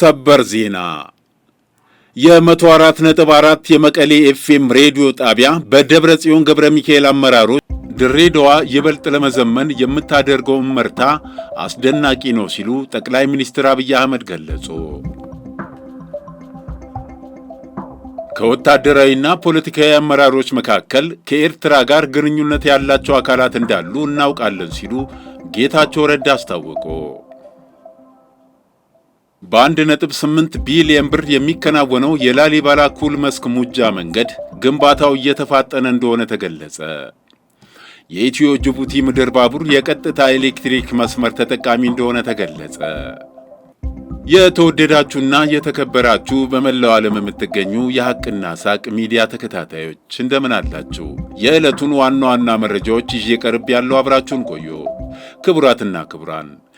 ሰበር ዜና የ104.4 የመቀሌ ኤፍኤም ሬዲዮ ጣቢያ በደብረ ጽዮን ገብረ ሚካኤል አመራሮች ድሬዳዋ ይበልጥ ለመዘመን የምታደርገው እመርታ አስደናቂ ነው ሲሉ ጠቅላይ ሚኒስትር አብይ አህመድ ገለጹ። ከወታደራዊና ፖለቲካዊ አመራሮች መካከል ከኤርትራ ጋር ግንኙነት ያላቸው አካላት እንዳሉ እናውቃለን ሲሉ ጌታቸው ረዳ አስታወቁ። በአንድ ነጥብ ስምንት ቢሊየን ብር የሚከናወነው የላሊበላ ኩል መስክ ሙጃ መንገድ ግንባታው እየተፋጠነ እንደሆነ ተገለጸ። የኢትዮ ጅቡቲ ምድር ባቡር የቀጥታ ኤሌክትሪክ መስመር ተጠቃሚ እንደሆነ ተገለጸ። የተወደዳችሁና የተከበራችሁ በመላው ዓለም የምትገኙ የሐቅና ሳቅ ሚዲያ ተከታታዮች እንደምን አላችሁ? የዕለቱን ዋና ዋና መረጃዎች ይዤ ቀርብ ያለው አብራችሁን ቆዩ። ክቡራትና ክቡራን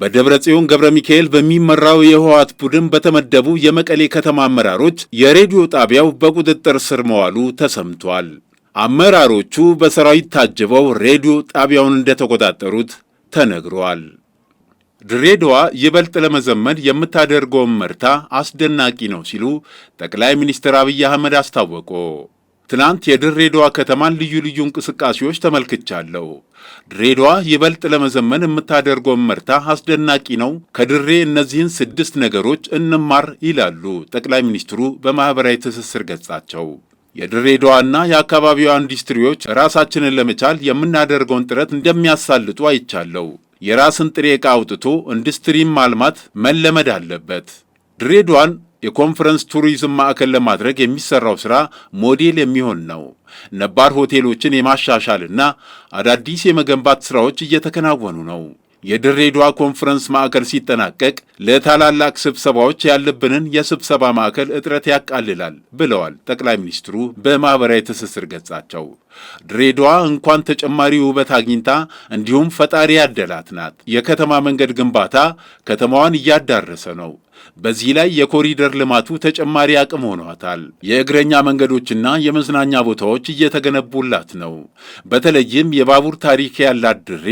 በደብረ ጽዮን ገብረ ሚካኤል በሚመራው የህወሓት ቡድን በተመደቡ የመቀሌ ከተማ አመራሮች የሬዲዮ ጣቢያው በቁጥጥር ስር መዋሉ ተሰምቷል። አመራሮቹ በሰራዊት ታጅበው ሬዲዮ ጣቢያውን እንደተቆጣጠሩት ተነግሯል። ድሬዳዋ ይበልጥ ለመዘመን የምታደርገውን መርታ አስደናቂ ነው ሲሉ ጠቅላይ ሚኒስትር አብይ አህመድ አስታወቁ። ትናንት የድሬዳዋ ከተማን ልዩ ልዩ እንቅስቃሴዎች ተመልክቻለሁ። ድሬዳዋ ይበልጥ ለመዘመን የምታደርገውን መርታ አስደናቂ ነው። ከድሬ እነዚህን ስድስት ነገሮች እንማር ይላሉ ጠቅላይ ሚኒስትሩ በማኅበራዊ ትስስር ገጻቸው። የድሬዳዋና የአካባቢዋ ኢንዱስትሪዎች ራሳችንን ለመቻል የምናደርገውን ጥረት እንደሚያሳልጡ አይቻለሁ። የራስን ጥሬ ዕቃ አውጥቶ ኢንዱስትሪን ማልማት መለመድ አለበት። ድሬዳዋን የኮንፈረንስ ቱሪዝም ማዕከል ለማድረግ የሚሰራው ስራ ሞዴል የሚሆን ነው። ነባር ሆቴሎችን የማሻሻልና አዳዲስ የመገንባት ስራዎች እየተከናወኑ ነው። የድሬዳዋ ኮንፈረንስ ማዕከል ሲጠናቀቅ ለታላላቅ ስብሰባዎች ያለብንን የስብሰባ ማዕከል እጥረት ያቃልላል ብለዋል ጠቅላይ ሚኒስትሩ በማኅበራዊ ትስስር ገጻቸው። ድሬዳዋ እንኳን ተጨማሪ ውበት አግኝታ እንዲሁም ፈጣሪ ያደላት ናት። የከተማ መንገድ ግንባታ ከተማዋን እያዳረሰ ነው። በዚህ ላይ የኮሪደር ልማቱ ተጨማሪ አቅም ሆኗታል። የእግረኛ መንገዶችና የመዝናኛ ቦታዎች እየተገነቡላት ነው። በተለይም የባቡር ታሪክ ያላት ድሬ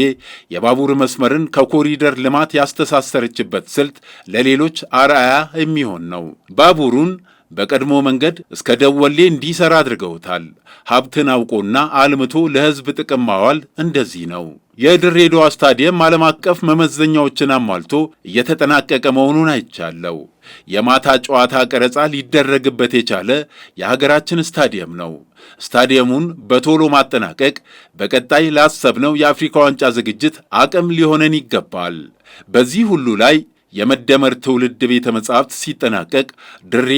የባቡር መስመርን ከኮሪደር ልማት ያስተሳሰረችበት ስልት ለሌሎች አርአያ የሚሆን ነው። ባቡሩን በቀድሞ መንገድ እስከ ደወሌ እንዲሰራ አድርገውታል። ሀብትን አውቆና አልምቶ ለህዝብ ጥቅም ማዋል እንደዚህ ነው። የድሬዳዋ ስታዲየም ዓለም አቀፍ መመዘኛዎችን አሟልቶ እየተጠናቀቀ መሆኑን አይቻለው። የማታ ጨዋታ ቀረጻ ሊደረግበት የቻለ የሀገራችን ስታዲየም ነው። ስታዲየሙን በቶሎ ማጠናቀቅ በቀጣይ ላሰብነው የአፍሪካ ዋንጫ ዝግጅት አቅም ሊሆነን ይገባል። በዚህ ሁሉ ላይ የመደመር ትውልድ ቤተ መጻሕፍት ሲጠናቀቅ ድሬ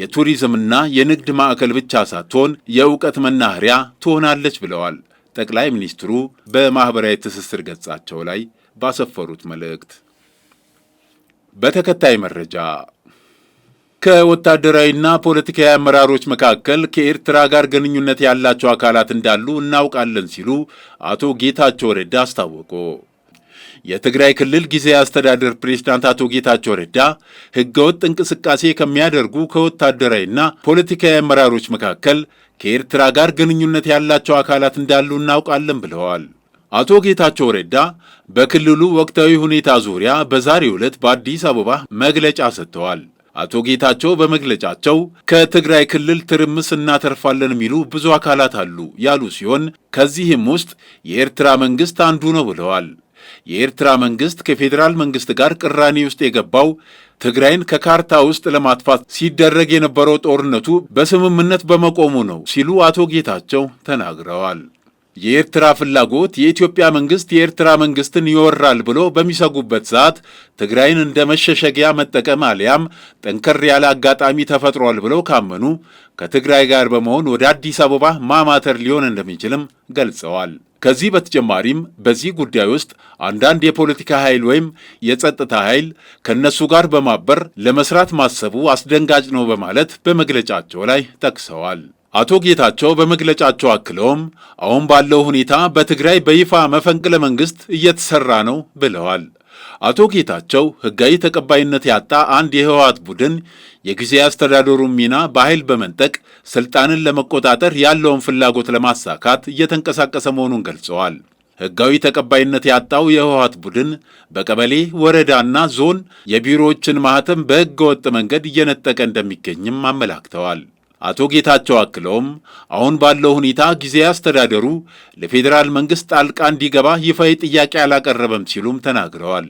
የቱሪዝምና የንግድ ማዕከል ብቻ ሳትሆን የእውቀት መናኸሪያ ትሆናለች ብለዋል ጠቅላይ ሚኒስትሩ በማኅበራዊ ትስስር ገጻቸው ላይ ባሰፈሩት መልእክት። በተከታይ መረጃ ከወታደራዊና ፖለቲካዊ አመራሮች መካከል ከኤርትራ ጋር ግንኙነት ያላቸው አካላት እንዳሉ እናውቃለን ሲሉ አቶ ጌታቸው ረዳ አስታወቁ። የትግራይ ክልል ጊዜ አስተዳደር ፕሬዝዳንት አቶ ጌታቸው ረዳ ህገወጥ እንቅስቃሴ ከሚያደርጉ ከወታደራዊና ፖለቲካዊ አመራሮች መካከል ከኤርትራ ጋር ግንኙነት ያላቸው አካላት እንዳሉ እናውቃለን ብለዋል። አቶ ጌታቸው ረዳ በክልሉ ወቅታዊ ሁኔታ ዙሪያ በዛሬው ዕለት በአዲስ አበባ መግለጫ ሰጥተዋል። አቶ ጌታቸው በመግለጫቸው ከትግራይ ክልል ትርምስ እናተርፋለን የሚሉ ብዙ አካላት አሉ ያሉ ሲሆን ከዚህም ውስጥ የኤርትራ መንግሥት አንዱ ነው ብለዋል። የኤርትራ መንግስት ከፌዴራል መንግስት ጋር ቅራኔ ውስጥ የገባው ትግራይን ከካርታ ውስጥ ለማጥፋት ሲደረግ የነበረው ጦርነቱ በስምምነት በመቆሙ ነው ሲሉ አቶ ጌታቸው ተናግረዋል። የኤርትራ ፍላጎት የኢትዮጵያ መንግስት የኤርትራ መንግስትን ይወራል ብሎ በሚሰጉበት ሰዓት ትግራይን እንደ መሸሸጊያ መጠቀም አሊያም ጠንከር ያለ አጋጣሚ ተፈጥሯል ብለው ካመኑ ከትግራይ ጋር በመሆን ወደ አዲስ አበባ ማማተር ሊሆን እንደሚችልም ገልጸዋል። ከዚህ በተጨማሪም በዚህ ጉዳይ ውስጥ አንዳንድ የፖለቲካ ኃይል ወይም የጸጥታ ኃይል ከእነሱ ጋር በማበር ለመስራት ማሰቡ አስደንጋጭ ነው በማለት በመግለጫቸው ላይ ጠቅሰዋል። አቶ ጌታቸው በመግለጫቸው አክለውም አሁን ባለው ሁኔታ በትግራይ በይፋ መፈንቅለ መንግስት እየተሰራ ነው ብለዋል። አቶ ጌታቸው ህጋዊ ተቀባይነት ያጣ አንድ የህወሓት ቡድን የጊዜ አስተዳደሩን ሚና በኃይል በመንጠቅ ስልጣንን ለመቆጣጠር ያለውን ፍላጎት ለማሳካት እየተንቀሳቀሰ መሆኑን ገልጸዋል። ህጋዊ ተቀባይነት ያጣው የህወሓት ቡድን በቀበሌ ወረዳና ዞን የቢሮዎችን ማህተም በህገ ወጥ መንገድ እየነጠቀ እንደሚገኝም አመላክተዋል። አቶ ጌታቸው አክለውም አሁን ባለው ሁኔታ ጊዜ አስተዳደሩ ለፌዴራል መንግሥት ጣልቃ እንዲገባ ይፋዊ ጥያቄ አላቀረበም ሲሉም ተናግረዋል።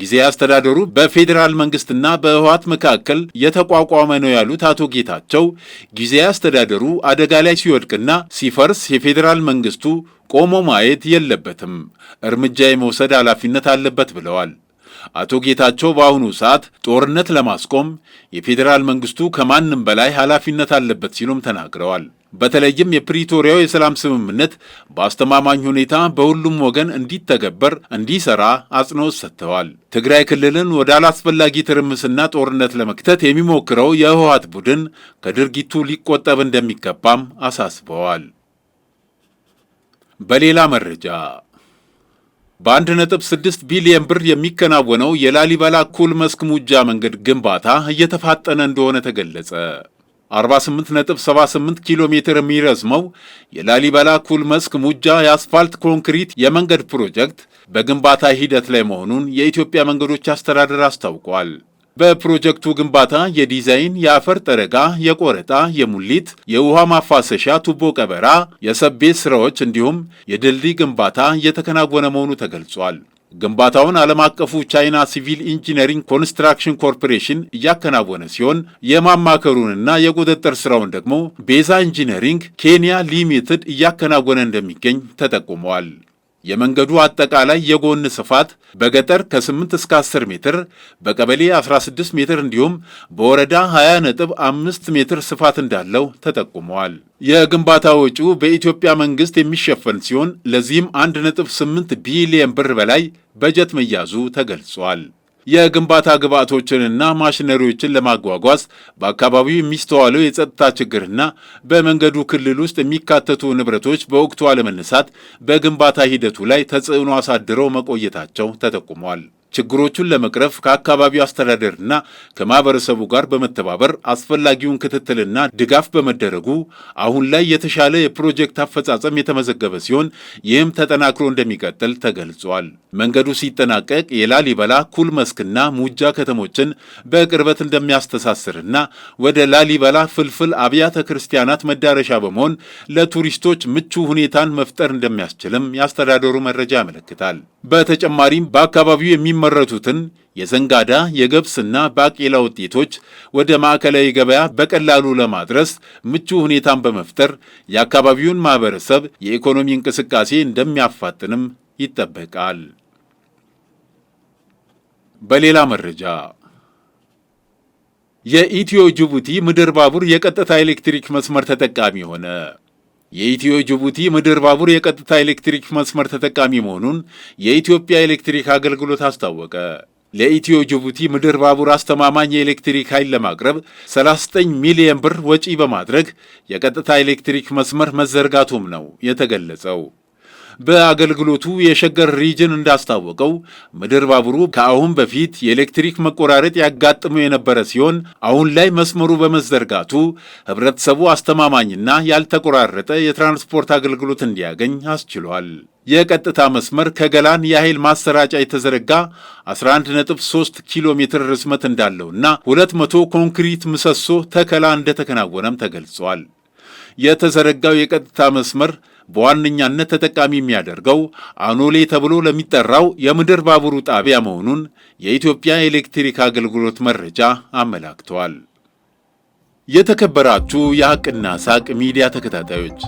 ጊዜ አስተዳደሩ በፌዴራል መንግስትና በህወሓት መካከል የተቋቋመ ነው ያሉት አቶ ጌታቸው ጊዜ አስተዳደሩ አደጋ ላይ ሲወድቅና ሲፈርስ የፌዴራል መንግስቱ ቆሞ ማየት የለበትም፣ እርምጃ የመውሰድ ኃላፊነት አለበት ብለዋል። አቶ ጌታቸው በአሁኑ ሰዓት ጦርነት ለማስቆም የፌዴራል መንግስቱ ከማንም በላይ ኃላፊነት አለበት ሲሉም ተናግረዋል። በተለይም የፕሪቶሪያው የሰላም ስምምነት በአስተማማኝ ሁኔታ በሁሉም ወገን እንዲተገበር እንዲሰራ አጽንኦት ሰጥተዋል። ትግራይ ክልልን ወደ አላስፈላጊ ትርምስና ጦርነት ለመክተት የሚሞክረው የህወሀት ቡድን ከድርጊቱ ሊቆጠብ እንደሚገባም አሳስበዋል። በሌላ መረጃ በአንድ ነጥብ ስድስት ቢሊየን ብር የሚከናወነው የላሊበላ ኩል መስክ ሙጃ መንገድ ግንባታ እየተፋጠነ እንደሆነ ተገለጸ። 48.78 ኪሎ ሜትር የሚረዝመው የላሊበላ ኩል መስክ ሙጃ የአስፋልት ኮንክሪት የመንገድ ፕሮጀክት በግንባታ ሂደት ላይ መሆኑን የኢትዮጵያ መንገዶች አስተዳደር አስታውቋል። በፕሮጀክቱ ግንባታ የዲዛይን፣ የአፈር ጠረጋ፣ የቆረጣ፣ የሙሊት፣ የውሃ ማፋሰሻ ቱቦ ቀበራ፣ የሰቤት ስራዎች እንዲሁም የድልድይ ግንባታ እየተከናወነ መሆኑ ተገልጿል። ግንባታውን ዓለም አቀፉ ቻይና ሲቪል ኢንጂነሪንግ ኮንስትራክሽን ኮርፖሬሽን እያከናወነ ሲሆን የማማከሩንና የቁጥጥር ስራውን ደግሞ ቤዛ ኢንጂነሪንግ ኬንያ ሊሚትድ እያከናወነ እንደሚገኝ ተጠቁመዋል። የመንገዱ አጠቃላይ የጎን ስፋት በገጠር ከ8 እስከ 10 ሜትር በቀበሌ 16 ሜትር እንዲሁም በወረዳ 20 ነጥብ 5 ሜትር ስፋት እንዳለው ተጠቁመዋል። የግንባታ ወጪው በኢትዮጵያ መንግስት የሚሸፈን ሲሆን ለዚህም 1.8 ቢሊየን ብር በላይ በጀት መያዙ ተገልጿል። የግንባታ ግብዓቶችንና ማሽነሪዎችን ለማጓጓዝ በአካባቢው የሚስተዋለው የጸጥታ ችግርና በመንገዱ ክልል ውስጥ የሚካተቱ ንብረቶች በወቅቱ አለመነሳት በግንባታ ሂደቱ ላይ ተጽዕኖ አሳድረው መቆየታቸው ተጠቁመዋል። ችግሮቹን ለመቅረፍ ከአካባቢው አስተዳደርና ከማህበረሰቡ ጋር በመተባበር አስፈላጊውን ክትትልና ድጋፍ በመደረጉ አሁን ላይ የተሻለ የፕሮጀክት አፈጻጸም የተመዘገበ ሲሆን ይህም ተጠናክሮ እንደሚቀጥል ተገልጿል። መንገዱ ሲጠናቀቅ የላሊበላ ኩል መስክና ሙጃ ከተሞችን በቅርበት እንደሚያስተሳስርና ወደ ላሊበላ ፍልፍል አብያተ ክርስቲያናት መዳረሻ በመሆን ለቱሪስቶች ምቹ ሁኔታን መፍጠር እንደሚያስችልም የአስተዳደሩ መረጃ ያመለክታል። በተጨማሪም በአካባቢው የሚመ የተመረቱትን የዘንጋዳ የገብስና ባቄላ ውጤቶች ወደ ማዕከላዊ ገበያ በቀላሉ ለማድረስ ምቹ ሁኔታን በመፍጠር የአካባቢውን ማህበረሰብ የኢኮኖሚ እንቅስቃሴ እንደሚያፋጥንም ይጠበቃል። በሌላ መረጃ የኢትዮ ጅቡቲ ምድር ባቡር የቀጥታ ኤሌክትሪክ መስመር ተጠቃሚ ሆነ። የኢትዮ ጅቡቲ ምድር ባቡር የቀጥታ ኤሌክትሪክ መስመር ተጠቃሚ መሆኑን የኢትዮጵያ ኤሌክትሪክ አገልግሎት አስታወቀ። ለኢትዮ ጅቡቲ ምድር ባቡር አስተማማኝ የኤሌክትሪክ ኃይል ለማቅረብ 39 ሚሊየን ብር ወጪ በማድረግ የቀጥታ ኤሌክትሪክ መስመር መዘርጋቱም ነው የተገለጸው። በአገልግሎቱ የሸገር ሪጅን እንዳስታወቀው ምድር ባቡሩ ከአሁን በፊት የኤሌክትሪክ መቆራረጥ ያጋጥመው የነበረ ሲሆን አሁን ላይ መስመሩ በመዘርጋቱ ህብረተሰቡ አስተማማኝና ያልተቆራረጠ የትራንስፖርት አገልግሎት እንዲያገኝ አስችሏል። የቀጥታ መስመር ከገላን የኃይል ማሰራጫ የተዘረጋ 11.3 ኪሎ ሜትር ርዝመት እንዳለውና 200 ኮንክሪት ምሰሶ ተከላ እንደተከናወነም ተገልጿል። የተዘረጋው የቀጥታ መስመር በዋነኛነት ተጠቃሚ የሚያደርገው አኖሌ ተብሎ ለሚጠራው የምድር ባቡሩ ጣቢያ መሆኑን የኢትዮጵያ ኤሌክትሪክ አገልግሎት መረጃ አመላክተዋል። የተከበራችሁ የሐቅና ሳቅ ሚዲያ ተከታታዮች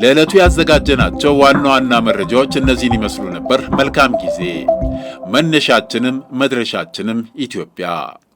ለዕለቱ ያዘጋጀናቸው ዋና ዋና መረጃዎች እነዚህን ይመስሉ ነበር። መልካም ጊዜ። መነሻችንም መድረሻችንም ኢትዮጵያ።